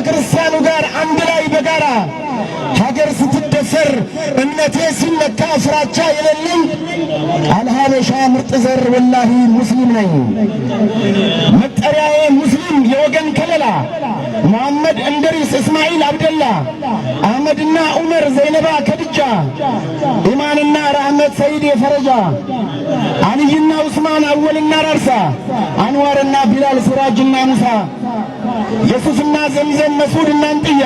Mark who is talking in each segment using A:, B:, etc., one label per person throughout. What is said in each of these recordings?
A: ከክርስቲያኑ ጋር አንድ ላይ በጋራ ሀገር ስትደፈር እምነቴ ሲነካ ፍራቻ የሌለኝ አልሀበሻ ምርጥ ዘር ወላሂ ሙስሊም ነኝ መጠሪያዬ ሙስሊም አሊም የወገን ከለላ መሐመድ እንደሪስ እስማኤል አብደላ አህመድና ዑመር ዘይነባ ከድጃ ኢማንና ራህመት ሰይድ የፈረጃ አልይና ዑስማን አወልና ራርሳ አንዋርና ቢላል ሲራጅና ሙሳ የሱፍና ዘምዘም መስዑድና እንጥያ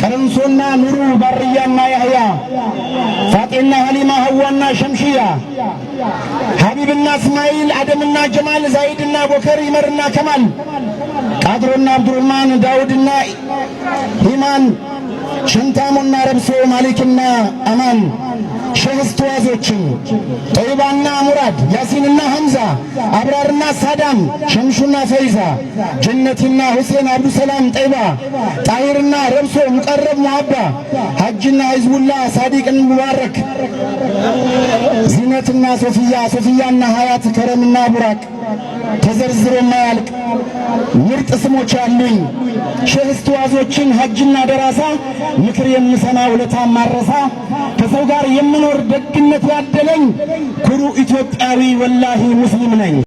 A: ቀረንሶና ኑሩ ባርያና ያህያ ሺያ ሀቢብና እስማኤል፣ አደምና ጀማል፣ ዛይድና ቦከር፣ ይመርና ከማል፣ ቃድሮና አብዱርማን፣ ዳውድና ሂማን፣ ሸንታሙና ረብሶ፣ ማሊክና አማን ሼህ ስተዋዞችን ጠይባና ሙራድ ያሲንና ሐምዛ አብራርና ሳዳም ሸምሹና ፈይዛ ጀነትና ሁሴን አብዱሰላም ጠይባ ጣሂርና ረብሶ ሙቀረብ ሙአባ ሀጅና ህዝቡላ ሳዲቅን ሙባረክ ከረምና ሶፊያ ሶፊያና ሀያት ከረምና ቡራቅ ተዘርዝሮ ማያልቅ ምርጥ ስሞች አሉኝ። ሼህ እስትዋዞችን ሀጅና ደራሳ ምክር የምሰማ ውለታ ማረሳ ከሰው ጋር የምኖር ደግነት ያደለኝ ኩሩ ኢትዮጵያዊ ወላሂ ሙስሊም ነኝ።